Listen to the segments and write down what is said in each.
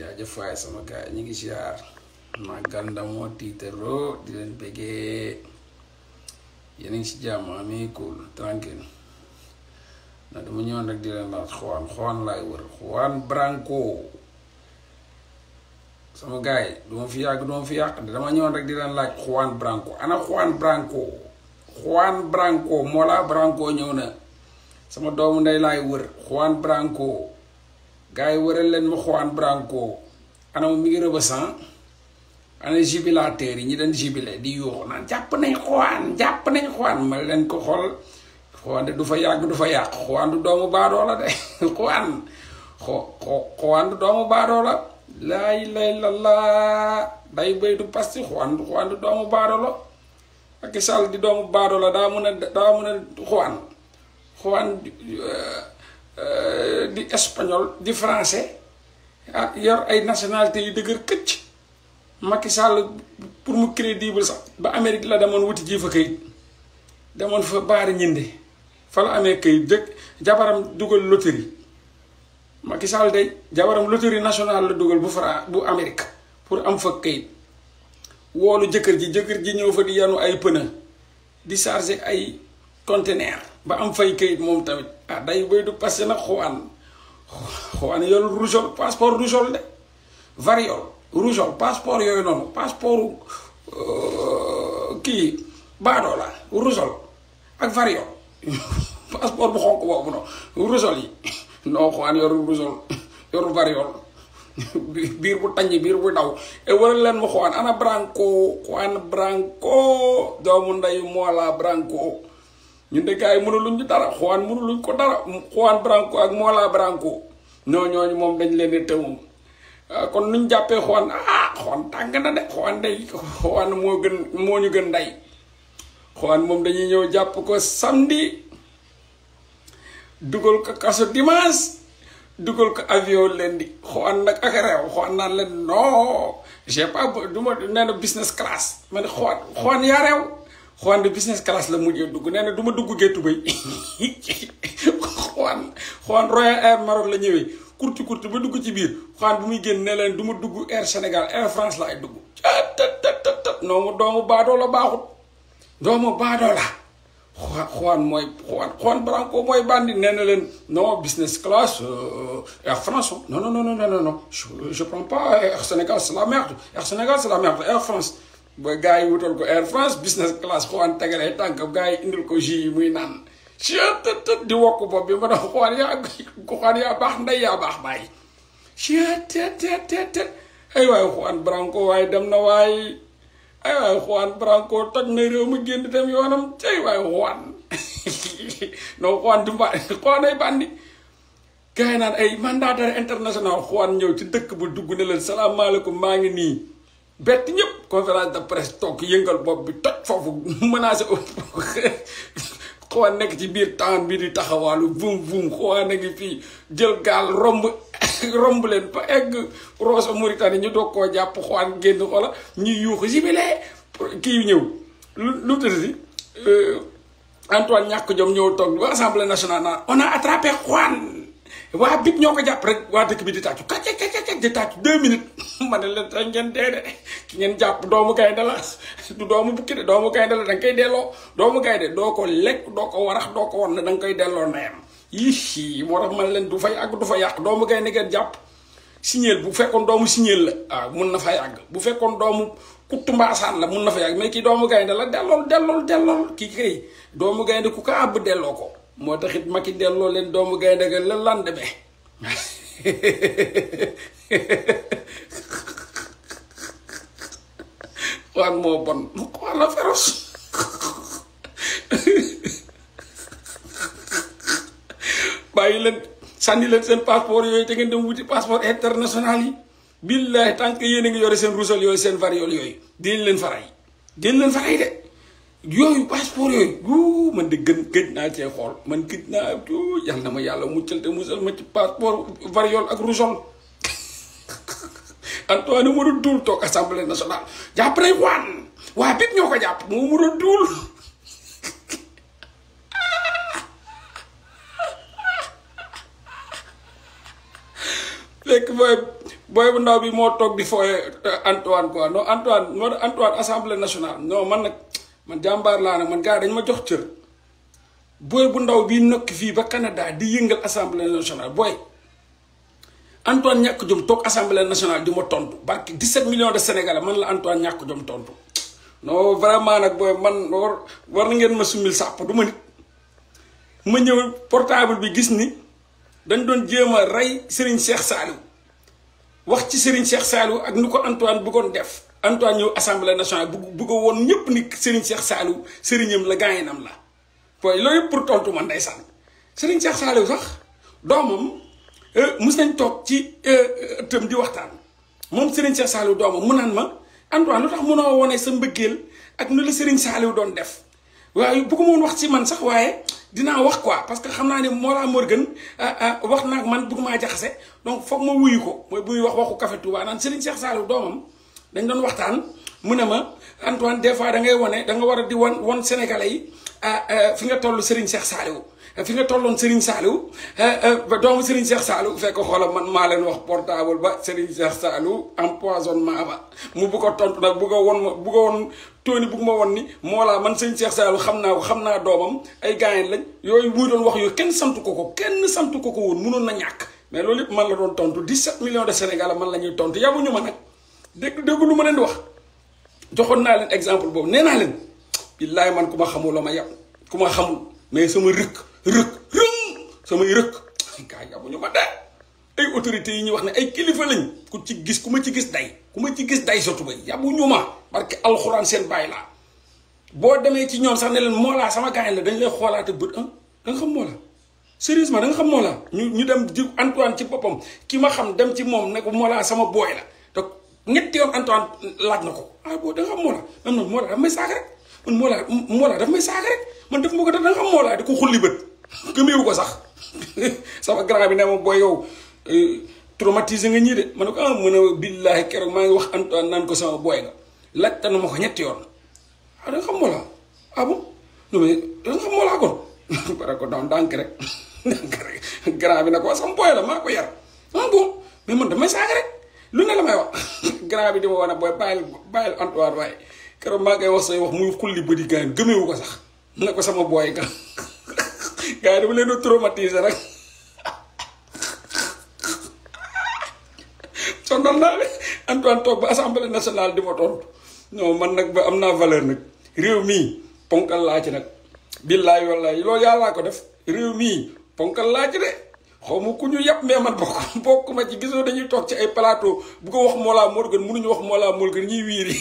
jaja fay sama gaay ñi ngi ziar ma ganda mo tite ro di len bege yeneen si jamm amee cool tranquille na dama ñëw nak di len la Juan Juan lay wër Juan Branco sama gaay do fi yag do fi yàq dama ñëw rek di len laaj Juan Branco ana Juan Branco Juan Branco Mola Branco ñëw na sama doomu nday lay wër Juan Branco gars yi waral leen ma Juan Branco anam mi ngi rëbasan ana jubilateur yi ñi den jubilé di yuuxu naan jàpp nañ Juan jàpp nañ Juan ma leen ko xool Juan de du fa yàgg du fa yàq Juan du doomu baadoo la de Juan Juan du doomu baadoo la laay lay la laa day bay du pasti Juan Juan du la ak di doomu baadoo la daa mun a daa mun a Juan Juan euh, Euh, di espagnol di français ah yor ay nationalité yu dëgër këcc Macky Sall pour mu crédible sax ba Amérique la demoon wuti ji fa këyit demoon fa baari ñinde fa la amee këyit dëkk jabaram dugal loterie Macky Sall day jabaram loterie nationale la dugal bu Fra bu Amérique pour am fa këyit woolu jëkkër ji jëkkër ji ñëw fa di yanu ay pneu di charger ay conteneur ba am fay kayit moom tamit ah day bay du passé nag xuwaan xuwaan yor rougeole passeport rougeole de variole rougeole yooyu noonu passeport euh, kii baadoo la rougeole ak variole passeport bu xonk boobu noonu rougeole yi non xuwaan yor rougeole yor variole biir bu tàññi biir bu daw e a leen ma xuwaan ana branco xuwaan branco doomu nday moola branco ñun de gars yi mënuluñ ñu dara Juan mënuluñ ko dara Juan Branco ak Mola Branco ñoo moom dañ leen di teewum ah, kon nuñ jàppee Juan ah Juan tàng na de Juan day Juan ñu gën day moom dañuy ñëw jàpp ko samedi dugal ko kaso dimanche dugal ko avion leen Juan nag ak réew Juan naan leen non j'ai pas du ma nee na business class ma ne Juan yaa réew Juan de business class la mujjee dugg nee dugg géttu bay Juan Juan Royal Air Maroc la ñëwé kurti kurti ba dugg ci biir Juan bu muy génn ne dugg Air Senegal, Air France la ay dugg noomu doomu la doomu Branco bandi business class euh, Air France non non non non non non je prends pas Air Sénégal c'est la merde Air Sénégal c'est la merde Air France ba gars yi wutal ko Air France business class xawaan tegalee tànkam gars yi indil ko jus yi muy naan chetet di wokk bopp bi ma ne xawaan yaa xawaan yaa baax ndey yaa baax bàyyi chetet ay waay xawaan Branco waaye dem na waay ay waay xawaan Branco toj na réew mu génn dem yoonam ay waay xawaan non xawaan du mba xawaan ay bandi gars yi naan ay mandataire international xawaan ñëw ci dëkk bu dugg ne leen salaamaaleykum maa ngi nii bett ñëpp conférence de presse toog yëngal bopp bi toj foofu menacé xoo nekk ci biir temps bi di taxawaalu vum vum xoo nekk fii jël gaal romb romb leen ba egg Rosso Mauritanie ñu doog koo jàpp xooaan génn xoola ñuy yuuxu sibilee kii ñëw lu lu tëdd euh, Antoine ñàkk jom ñëw toog ba assemblée nationale naa on a attrapé xooaan waa bip ñoo ko jàpp rek waa dëkk bi di tàccu kàcce kàcce kàcce di tàccu deux minutes ma ne leen dee de ki ngeen jàpp doomu gaynde la du doomu bukki doomu gaynde la da nga koy delloo doomu gaynde doo ko lekk doo ko warax doo ko won ne da koy delloo ndeyam yii moo tax man leen du fa yàgg du fa yàq doomu gaynde ngeen jàpp signeel bu fekkoon doomu signeel la waaw ah, mun na fa yàgg bu fekkoon doomu kuttu mbaasaan la mun na fa yàgg mais kii doomu gaynde la dellool dellool dellool kii kay doomu gaynde ku ko àbb delloo ko moo taxit Macky delloo leen doomu gaynde ga la lendemain Juan moo bon Juan la féroce bàyyi leen sànni leen seen passeport yooyu te ngeen dem wuti passeport international yi billahi tant que yéen a ngi yore seen ruusal yooyu seen variol yooyu dinañ leen faray dinañ leen faray de yooyu passeport yooyu man de gën gëj naa cee man gëj naa yal na ma yàlla muccal te musal ma passeport variole ak rougeole Antoine mu doon duul toog assemblée nationale jàpp nañ waan jàpp moo mu doon bu ndaw bi moo toog di fooye euh, Antoine quoi non Antoine non Antoine assemblée nationale non man nag man jambar la nak man gars dañ ma jox cër boy bu ndaw bi nëkk fi ba Canada di yëngal assemblée nationale boy Antoine ñak jom tok assemblée nationale di ma tontu barki 17 millions de sénégalais man la Antoine ñak jom tontu no vraiment nak boy man war war ngeen ma sumil nit ma ñew portable bi gis ni dañ doon jema ray Serigne Cheikh salou wax ci Serigne Cheikh salou ak nu Antoine bëggoon def Antoine ñëw assemblée nationale bugg a woon ñëpp ni Serigne Cheikh Saliou sëriñam la gaynam la waaye loolu pour tontu ma ndeysaan Serigne Cheikh Saliou sax doomam euh, mus nañ toog ci euh, euh, tëm di waxtaan moom Serigne Cheikh Saliou doomam mun naan ma Antoine lu tax mënoo wone sa mbëggeel ak nu la Serigne Saliou doon def waaye bëgguma woon wax si man sax waaye dinaa wax quoi parce que xam naa ne Mollah Morgun wax naa man bëggumaa jaxase donc foog ma wuyu ko mooy buy wax waxu Café Touba naan Serigne Cheikh Saliou doomam. dañ doon waxtaan mu ne ma Antoine des fois da ngay wane da war a di wan won sénégalais yi ah, ah, fi nga toll Serigne Cheikh Saliou ah, fi nga tolloon Serigne Saliou ba doomu Serigne Cheikh Saliou fekk xoolal man maa leen wax portable ba Serigne Cheikh Saliou empoisonnement ba mu bu ko tontu nag bu woon won ma bu ko won tóoni bu ma won ni moo laa man Serigne Cheikh Saliou xam naa xam naa doomam ay gaayen lañ yooyu muy doon wax yooyu kenn santu ko ko kenn santu ko ko woon mënoon na ñàkk mais loolu yëpp man la doon tontu 17 millions man la ñuy tontu yabuñu ma nag. dégg dégg lu ma leen di wax joxoon naa leen exemple boobu nee naa leen billaay man ku ma la ma yab ku ma xamul mais sama rëkk rëkk rëng samay rëkk gaa yabuñu ma dee ay autorités yi ñuy wax ne ay kilifa lañ ku ci gis ku ma ci gis day ku ma ci gis day sotu ba yabu ñu ma barke alxuraan seen bàyyi laa boo demee ci ñoom sax ne leen moolaa sama gaañ dañ lay xoolaate bët ah da nga xam moolaa sérieusement da nga xam moolaa ñu ñu dem di Antoine ci boppam ki ma xam dem ci moom ne ko moolaa sama booy la ñetti yoon Antoine laaj na ko ah boo da nga xam Mollah man man Mollah daf may saaga rek man Mollah Mollah daf may saaga rek man daf ma ko da ko xulli bët gëmeewu bi ne ma booy yow eh, traumatisé nga ñii de ah, ma ko ah mën a ko sama booy nga laajte yoon ah da nga xam ah, ko doon dànk bi na ko sama booy ah, daf may saaga rek. lu ne la may wax grand bi di ma wan ne booy bàyyil bàyyil Antoine waaye keroog maa ngay wax say wax muy xulli bëri gars yi gëmewu ko sax na ko sama booy nga gars yi dama leen doon rek sondal naa ne Antoine toog ba assemblée nationale di ma tontu non man nag ba am naa valeur nag réew mii ponkal laa ci nag billaay wallaay loolu yàllaa ko def réew mii ponkal laa ci de xawma ku ñu yàpp mais man bokk bokk ma ci gisoo dañuy toog ci ay plateau bu ko wax Mollah Morgun mënuñu wax Mollah Morgun ñuy wiiri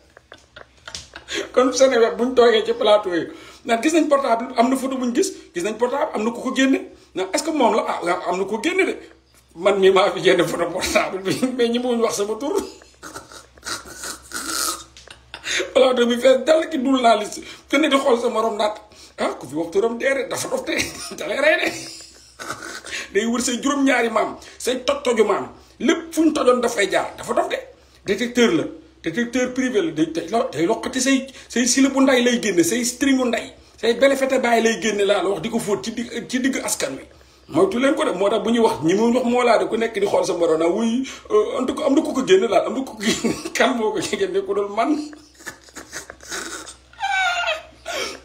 kon Seneweb buñ toogee ci plateau yi na gis nañ portable am na photo buñ gis gis nañ portable am na ku ko génne na est ce que moom la ah am na ko génne de man mi maa fi génne photo portable bi mais ñi muñ wax sama tur plateau bi fees dal ki dul naa liste kenn di xool sama morom naat ah ku fi waxtu rom deere dafa dofte te da rey de day wër say juróom-ñaari maam say toj-toju maam lépp fu ñu tojoon daf fay jaar dafa dof de détecteur la détecteur privé la day day loqati say say sile bu nday lay génne say stringu nday say belefete bàyyi lay génne laa la wax di ko fóot ci digg ci digg askan wi moytu leen ko def moo tax bu ñuy wax ñi muy wax moo laa de ku nekk di xool sa morom naa wuy euh, en tout cas am na ku ko génne laal am na ku ko génne kan moo ko génne ko dul man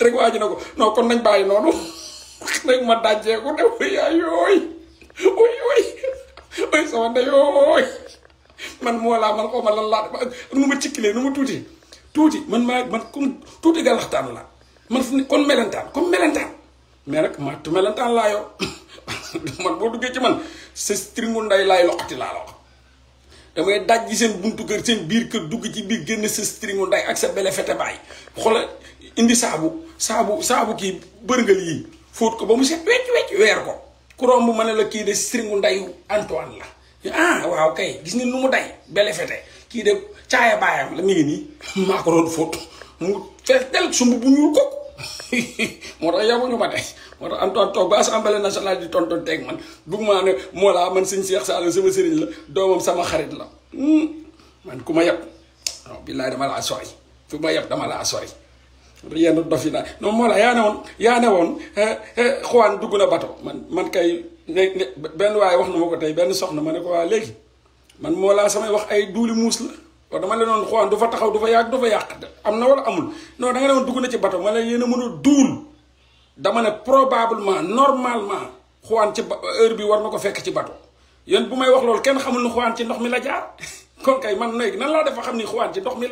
rek waa na ko non kon nañ nag ma dajee ko def yaay yooy oy oy oy sama man moo laa man xaw ma lan laa nu ma cikkilee nu ma tuuti tuuti man maa man comme tuuti galaxtaan la man fu ne kon melentaan comme melentaan mais nag mattu melentaan laa yow man boo duggee ci man sa stringu ndey laay loqati laa la wax damay daj ji seen buntu kër seen biir kër dugg ci biir génn sa stringu ndey ak sa bele fete baay xoolal indi saabu saabu saabu kii bërngal yii fóot ko ba mu set wecc wecc weer ko ku romb ma ne la kii de sringu ndayu Antoine la ah waaw kay gis ni lu mu day bele kii de caaya baayam la mi ngi nii maa ko doon fóot mu fees del sumb bu ñuul ko moo tax yabuñu ma tey moo tax Antoine toog ba assemblée nationale di tonton teeg man bugg maa ne moo laa man sëñ Cheikh Sall sama sëriñ la doomam sama xarit la hmm, man ku ma yab waaw billaay dama laa sori fu ma yab dama laa sori rien yenn fina non mo la ya newon ya newon ne woon xuwaan dugg bato man man kay ben way waaye wax na ma ko soxna ma ne ko waa léegi man mo la samay wax ay douli mousla wa dama la non xwan du fa taxaw du fa yak du fa yak amna wala amul non da nga newon duguna ci bato ma yena yéen a dama ne probablement normalement xwan ci heure bi war nako ko fekk ci bato yéen bu may wax lol ken xamul ni xwan ci ndox mi la jaar kon kay man léegi nan la def xamni xwan ci ndox mi